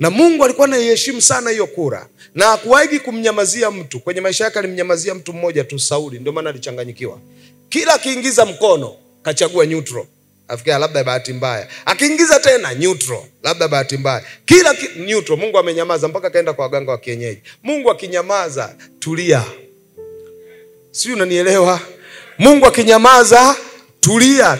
na mungu alikuwa anaiheshimu sana hiyo kura na akuwaigi kumnyamazia mtu kwenye maisha yake alimnyamazia mtu mmoja tu sauli ndio maana alichanganyikiwa kila akiingiza mkono kachagua neutral afikia labda bahati mbaya akiingiza tena neutral labda bahati mbaya kila ki, neutral mungu amenyamaza mpaka akaenda kwa waganga wa kienyeji mungu akinyamaza tulia sijui unanielewa mungu akinyamaza tulia